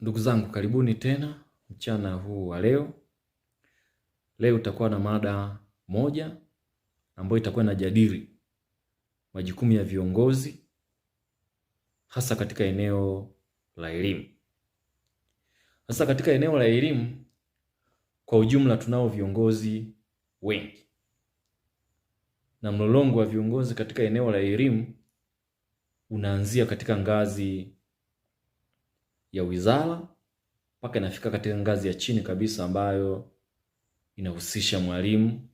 Ndugu zangu karibuni tena mchana huu wa leo. Leo utakuwa na mada moja ambayo itakuwa inajadili majukumu ya viongozi hasa katika eneo la elimu. Hasa katika eneo la elimu kwa ujumla, tunao viongozi wengi na mlolongo wa viongozi katika eneo la elimu unaanzia katika ngazi ya wizara mpaka inafika katika ngazi ya chini kabisa ambayo inahusisha mwalimu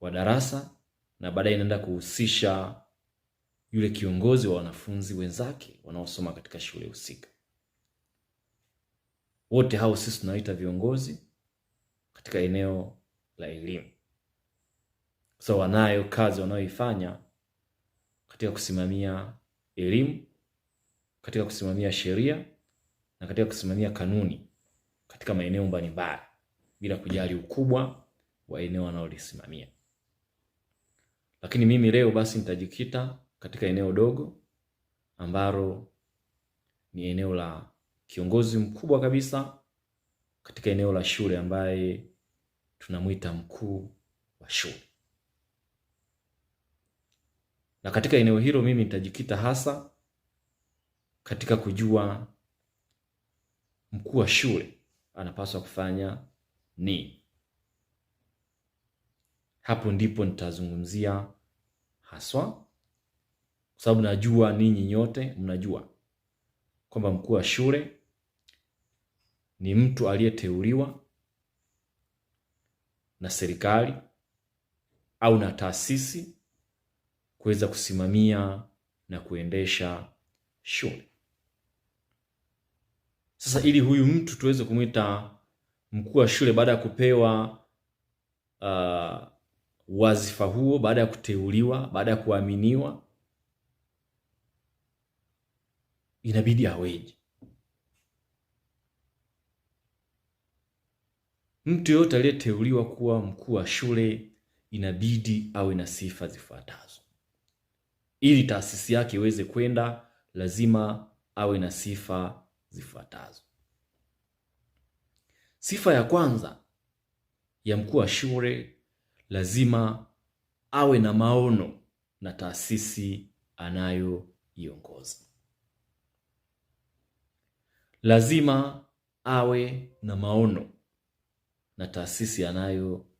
wa darasa na baadaye inaenda kuhusisha yule kiongozi wa wanafunzi wenzake wanaosoma katika shule husika. Wote hao sisi tunaita viongozi katika eneo la elimu. So wanayo kazi wanayoifanya katika kusimamia elimu, katika kusimamia sheria na katika kusimamia kanuni katika maeneo mbalimbali bila kujali ukubwa wa eneo analolisimamia. Lakini mimi leo basi nitajikita katika eneo dogo ambalo ni eneo la kiongozi mkubwa kabisa katika eneo la shule ambaye tunamwita mkuu wa shule. Na katika eneo hilo mimi nitajikita hasa katika kujua mkuu wa shule anapaswa kufanya nini? Hapo ndipo nitazungumzia haswa, kwa sababu najua ninyi nyote mnajua kwamba mkuu wa shule ni mtu aliyeteuliwa na serikali au na taasisi kuweza kusimamia na kuendesha shule. Sasa ili huyu mtu tuweze kumwita mkuu wa shule baada ya kupewa uh, wazifa huo, baada ya kuteuliwa, baada ya kuaminiwa, inabidi aweje? Mtu yoyote aliyeteuliwa kuwa mkuu wa shule inabidi awe na sifa zifuatazo. Ili taasisi yake iweze kwenda, lazima awe na sifa zifuatazo. Sifa ya kwanza ya mkuu wa shule lazima awe na maono na taasisi anayoiongoza. Lazima awe na maono na taasisi anayo